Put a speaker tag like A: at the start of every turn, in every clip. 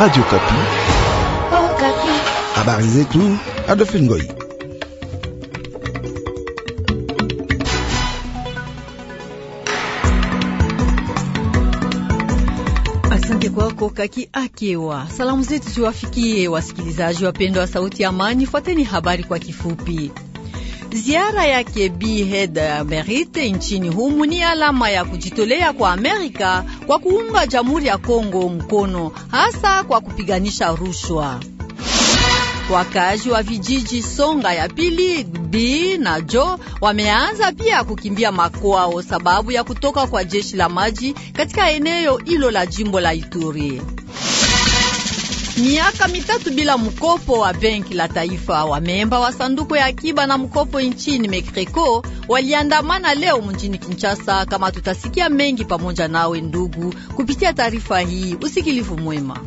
A: Radio oh,
B: Kapi.
A: Habari zetu Adolphine
C: Asante kwako Kaki Akewa. Salamu zetu ziwafikie wasikilizaji wapendwa wa Sauti ya Amani. Fuateni habari kwa kifupi. Ziara yake Bi hed Merritt nchini humu ni alama ya kujitolea kwa Amerika kwa kuunga Jamhuri ya Kongo mkono hasa kwa kupiganisha rushwa. Wakazi wa vijiji Songa ya pili B na Jo wameanza pia kukimbia makwao sababu ya kutoka kwa jeshi la maji katika eneo hilo la jimbo la Ituri miaka mitatu bila mkopo wa benki la taifa. wa memba wa sanduku ya akiba na mkopo nchini Mekreko waliandamana leo mjini Kinshasa, kama tutasikia mengi pamoja nawe ndugu, kupitia taarifa hii. Usikilivu mwema.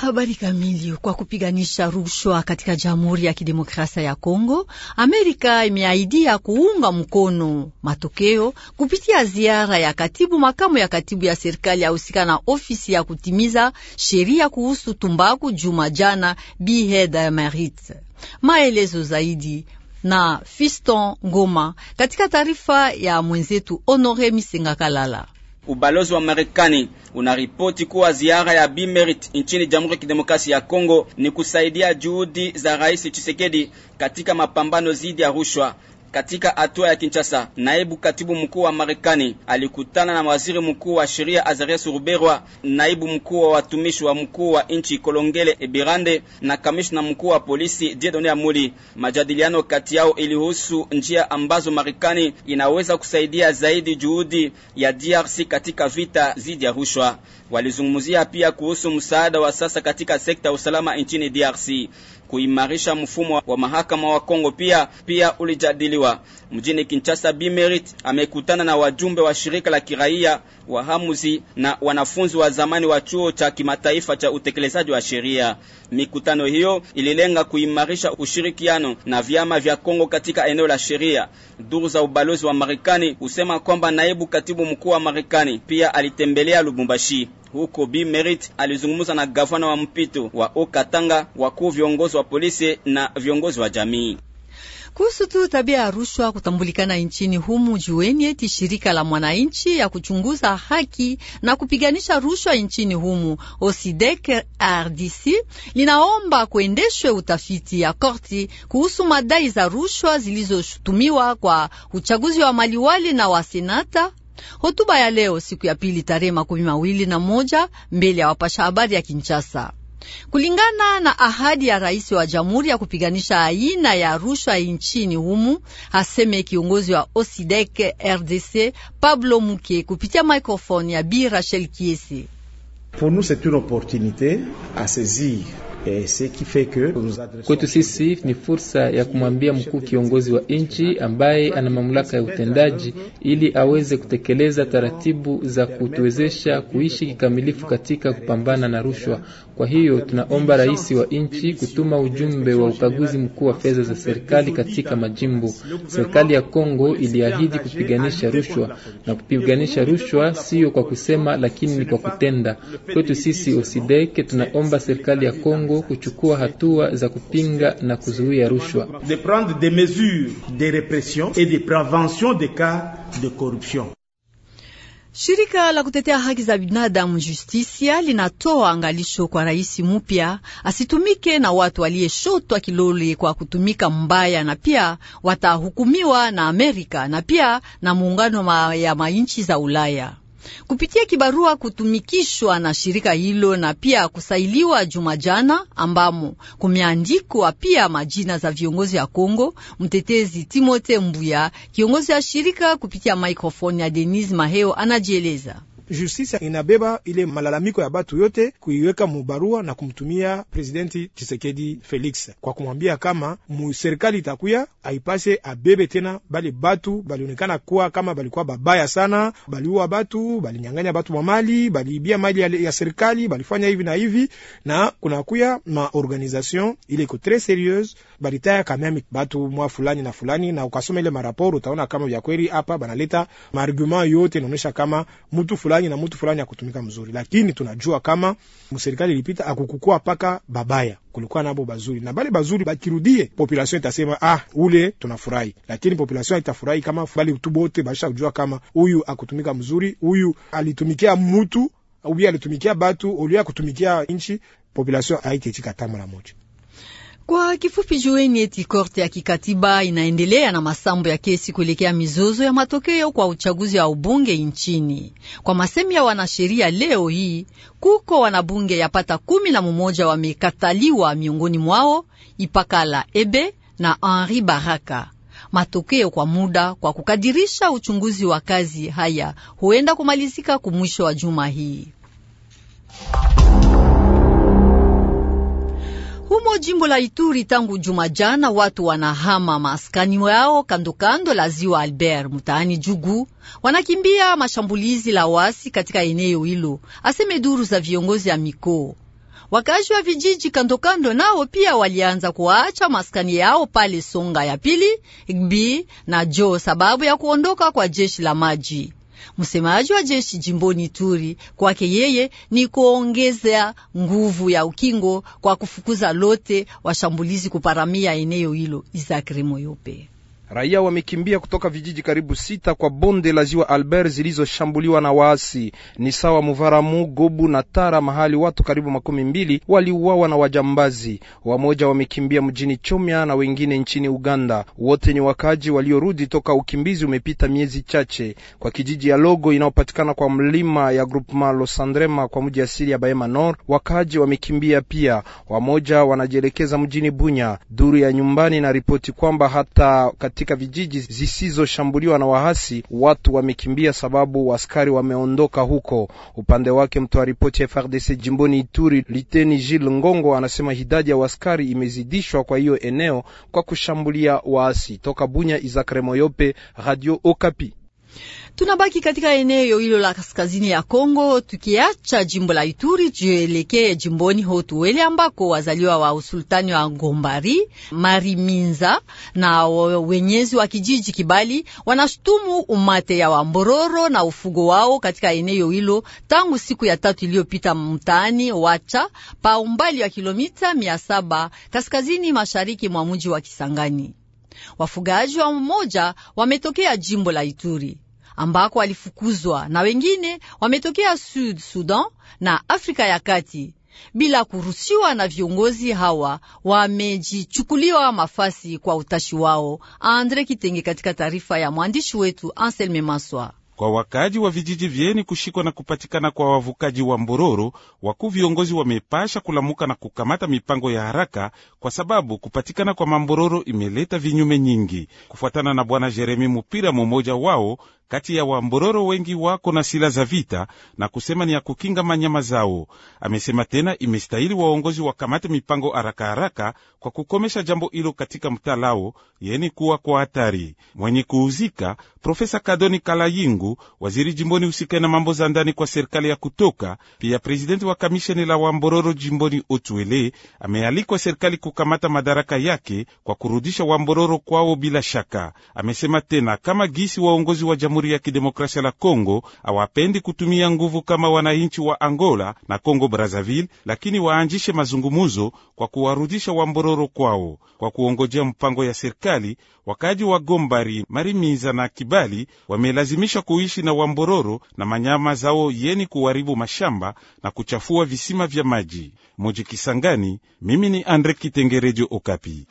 C: Habari kamili. Kwa kupiganisha rushwa katika Jamhuri ya Kidemokrasia ya Kongo, Amerika imeahidia kuunga mkono matokeo kupitia ziara ya katibu makamu ya katibu ya serikali ya husika na ofisi ya kutimiza sheria kuhusu tumbaku juma jana, Biheda Marit. Maelezo zaidi na Fiston Ngoma katika taarifa ya mwenzetu Honore misengakalala
D: Ubalozi wa Marekani unaripoti kuwa ziara ya Bimerit nchini Jamhuri ya Kidemokrasia ya Kongo ni kusaidia juhudi za Rais Tshisekedi katika mapambano dhidi ya rushwa. Katika hatua ya Kinshasa, naibu katibu mkuu wa Marekani alikutana na waziri mkuu wa sheria Azarias Ruberwa, naibu mkuu wa watumishi wa mkuu wa nchi Kolongele Ebirande na kamishna mkuu wa polisi Jedone Amuli. Majadiliano kati yao ilihusu njia ambazo Marekani inaweza kusaidia zaidi juhudi ya DRC katika vita dhidi ya rushwa. Walizungumzia pia kuhusu msaada wa sasa katika sekta ya usalama nchini DRC kuimarisha mfumo wa mahakama wa Kongo pia pia ulijadiliwa mjini Kinshasa. Bimerit amekutana na wajumbe wa shirika la kiraia wahamuzi na wanafunzi wa zamani wa chuo cha kimataifa cha utekelezaji wa sheria. Mikutano hiyo ililenga kuimarisha ushirikiano na vyama vya Kongo katika eneo la sheria. Duru za ubalozi wa Marekani husema kwamba naibu katibu mkuu wa Marekani pia alitembelea Lubumbashi huko Bi Merit alizungumza na gavana wa mpito wa Okatanga, wakuu viongozi wa polisi na viongozi wa jamii
C: kuhusu tu tabia ya rushwa kutambulikana nchini humu. Jueni eti shirika la mwananchi ya kuchunguza haki na kupiganisha rushwa nchini humu OSIDEK RDC linaomba kuendeshwe utafiti ya korti kuhusu madai za rushwa zilizoshutumiwa kwa uchaguzi wa maliwali na wasenata Hotuba ya leo siku ya pili tarehe makumi mawili na moja mbele ya wapasha habari ya Kinshasa. Kulingana na ahadi ya rais wa jamhuri ya kupiganisha aina ya rushwa nchini humu, aseme kiongozi wa Osidek RDC Pablo Muke kupitia microphone ya Bi Rachel Kiesi.
A: Pour nous c'est une
B: opportunité à saisir Kwetu sisi ni fursa ya kumwambia mkuu kiongozi wa nchi ambaye ana mamlaka ya utendaji, ili aweze kutekeleza taratibu za kutuwezesha kuishi kikamilifu katika kupambana na rushwa. Kwa hiyo tunaomba rais wa nchi kutuma ujumbe wa ukaguzi mkuu wa fedha za serikali katika majimbo. Serikali ya Kongo iliahidi kupiganisha rushwa, na kupiganisha rushwa siyo kwa kusema, lakini ni kwa kutenda. Kwetu sisi Osideke tunaomba serikali ya Kongo Kongo kuchukua hatua za kupinga na kuzuia rushwa. De prendre des mesures de repression et de prevention des cas de
A: corruption.
C: Shirika la kutetea haki za binadamu Justisia linatoa angalisho kwa rais mpya asitumike na watu waliyeshotwa kilole kwa kutumika mbaya, na pia watahukumiwa na Amerika na pia na muungano ya mainchi za Ulaya kupitia kibarua kutumikishwa na shirika hilo na pia kusailiwa Jumajana, ambamo kumeandikwa pia majina za viongozi ya Kongo. Mtetezi Timote Mbuya, kiongozi ya shirika, kupitia mikrofoni ya denis Maheo anajieleza
A: justisi inabeba ile malalamiko ya batu yote kuiweka mubarua na kumtumia presidenti Chisekedi Felix kwa kumwambia kama muserikali itakuya aipase abebe tena bale batu balionekana kuwa kama balikuwa babaya sana, baliua batu, balinyang'anya batu wa mali, baliibia mali ya, serikali, balifanya hivi na hivi, na kuna kuya ma maorganization ile iko tres serieuse balitaya kamami batu mwa fulani na fulani, na ukasoma ile maraporo utaona kama vya kweli hapa banaleta maargument yote inaonyesha kama mtu fulani fulani na mtu fulani akutumika mzuri, lakini tunajua kama mserikali ilipita akukukua paka babaya, kulikuwa nabo bazuri na bale bazuri bakirudie, population itasema ah, ule tunafurahi, lakini population itafurahi kama bali utubote basha kujua kama huyu akutumika mzuri, huyu alitumikia mtu au alitumikia batu au alitumikia nchi, population haitechika tamu la moja.
C: Kwa kifupi jueni eti korte ya kikatiba inaendelea na masambo ya kesi kuelekea mizozo ya matokeo kwa uchaguzi wa ubunge nchini. Kwa masemi ya wanasheria, leo hii kuko wanabunge yapata kumi na mumoja wamekataliwa, miongoni mwao Ipakala Ebe na Henri Baraka. Matokeo kwa muda kwa kukadirisha uchunguzi wa kazi haya huenda kumalizika kumwisho wa juma hii. Humo jimbo la Ituri tangu jumajana watu wanahama maskani yao kandokando la ziwa Albert mtaani Jugu, wanakimbia mashambulizi la wasi katika eneo hilo, aseme duru za viongozi ya mikoo. Wakazi wa vijiji kandokando nao pia walianza kuacha maskani yao pale Songa ya pili Igbi na Jo sababu ya kuondoka kwa jeshi la maji. Msemaji wa jeshi jimboni Turi kwake yeye ni kuongeza nguvu ya ukingo kwa kufukuza lote washambulizi kuparamia eneo hilo. yupe
A: Raia wamekimbia kutoka vijiji karibu sita kwa bonde la ziwa Albert zilizoshambuliwa na waasi, ni sawa Muvaramu, Gobu na Tara, mahali watu karibu makumi mbili waliuawa na wajambazi. Wamoja wamekimbia mjini Chomya na wengine nchini Uganda. Wote ni wakaaji waliorudi toka ukimbizi umepita miezi chache, kwa kijiji ya Logo inayopatikana kwa mlima ya Groupement Losandrema kwa mji asili ya Bahema Nord. wakaaji wamekimbia pia, wamoja wanajielekeza mjini Bunya. Duru ya nyumbani na ripoti kwamba hata katika vijiji zisizoshambuliwa na wahasi, watu wamekimbia sababu askari wameondoka huko. Upande wake mtoa ripoti ya FARDC jimboni Ituri, Liteni Gilles Ngongo, anasema idadi ya waskari imezidishwa kwa hiyo eneo kwa kushambulia waasi. Toka Bunya, izakre Moyope, Radio Okapi.
C: Tunabaki katika eneo hilo la kaskazini ya Kongo, tukiacha jimbo la Ituri tuelekee jimboni Hotuwele ambako wazaliwa wa usultani wa Ngombari Mariminza na wenyezi wa kijiji Kibali wanashutumu umate ya Wambororo na ufugo wao katika eneo hilo tangu siku ya tatu iliyopita, mtaani Wacha pa umbali wa kilomita mia saba kaskazini mashariki mwa mji wa Kisangani. Wafugaji wa mmoja wametokea jimbo la Ituri ambako alifukuzwa na wengine wametokea Sud Sudan na Afrika ya Kati bila kuruhusiwa na viongozi hawa wamejichukuliwa mafasi kwa utashi wao. Andre Kitenge katika taarifa ya mwandishi wetu Anselme Maswa.
E: Kwa wakaaji wa vijiji vyeni kushikwa na kupatikana kwa wavukaji wa mbororo, wakuu viongozi wamepasha kulamuka na kukamata mipango ya haraka, kwa sababu kupatikana kwa mambororo imeleta vinyume nyingi. Kufuatana na bwana Jeremi Mupira, mumoja wao, kati ya Wambororo wengi wako na sila za vita na kusema ni ya kukinga manyama zao. Amesema tena imestahili waongozi wakamate mipango haraka haraka kwa kukomesha jambo hilo katika mtaa lao yeni kuwa kwa hatari. Mwenye kuhuzika Profesa Kadoni Kalayingu, waziri jimboni husika na mambo za ndani kwa serikali ya kutoka, pia prezidenti wa kamisheni la Wambororo jimboni otwele amealikwa serikali kukamata madaraka yake kwa kurudisha Wambororo kwao bila shaka. Amesema tena kama gisi waongozi wa jamhuri Jamhuri ya Kidemokrasia la Kongo hawapendi kutumia nguvu kama wananchi wa Angola na Kongo Brazzaville, lakini waanjishe mazungumuzo kwa kuwarudisha wambororo kwao, kwa kuongojea mpango ya serikali. Wakaji wa Gombari, Marimiza na Kibali wamelazimisha kuishi na wambororo na manyama zao yeni kuharibu mashamba na kuchafua visima vya maji. Moji Kisangani, mimi ni Andre Kitengerejo, Okapi.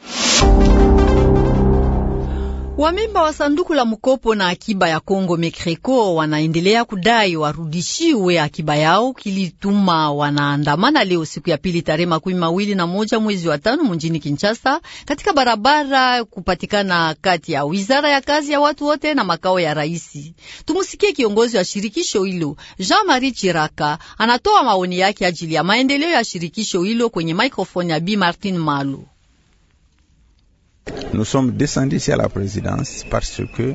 C: Wamemba wa sanduku la mkopo na akiba ya Kongo Mekreko wanaendelea kudai warudishiwe akiba yao kilituma wanaandamana leo siku ya pili tarehe makumi mawili na moja mwezi wa tano mjini Kinshasa katika barabara kupatikana kati ya wizara ya kazi ya watu wote na makao ya raisi. Tumusikie kiongozi wa shirikisho hilo Jean-Marie Chiraka anatoa maoni yake ajili ya maendeleo ya shirikisho hilo kwenye maikrofoni ya Bi Martin Malu.
E: Nous sommes descendus ici à la présidence parce que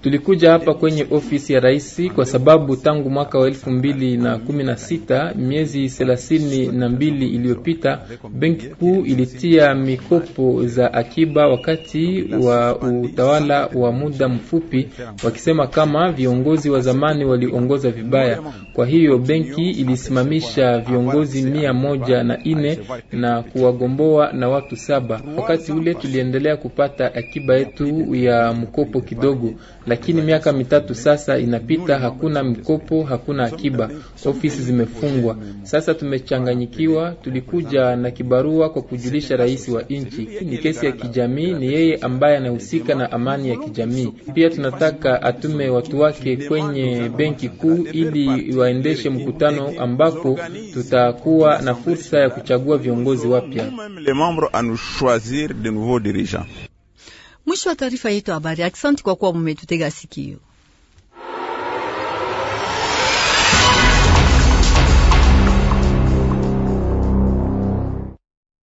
B: Tulikuja hapa kwenye ofisi ya rais kwa sababu tangu mwaka wa elfu mbili na kumi na sita miezi thelathini na mbili iliyopita benki kuu ilitia mikopo za akiba wakati wa utawala wa muda mfupi, wakisema kama viongozi wa zamani waliongoza vibaya. Kwa hiyo benki ilisimamisha viongozi mia moja na nne na kuwagomboa na watu saba. Wakati ule tuliendelea kupata akiba yetu ya mkopo kidogo lakini miaka mitatu sasa inapita, hakuna mikopo, hakuna akiba, ofisi zimefungwa. Sasa tumechanganyikiwa. Tulikuja na kibarua kwa kujulisha rais wa nchi, ni kesi ya kijamii, ni yeye ambaye anahusika na amani ya kijamii. Pia tunataka atume watu wake kwenye benki kuu ili waendeshe mkutano ambapo tutakuwa na fursa ya kuchagua viongozi wapya.
C: Mwisho wa taarifa yetu habari. Asante kwa kuwa mumetutega sikio.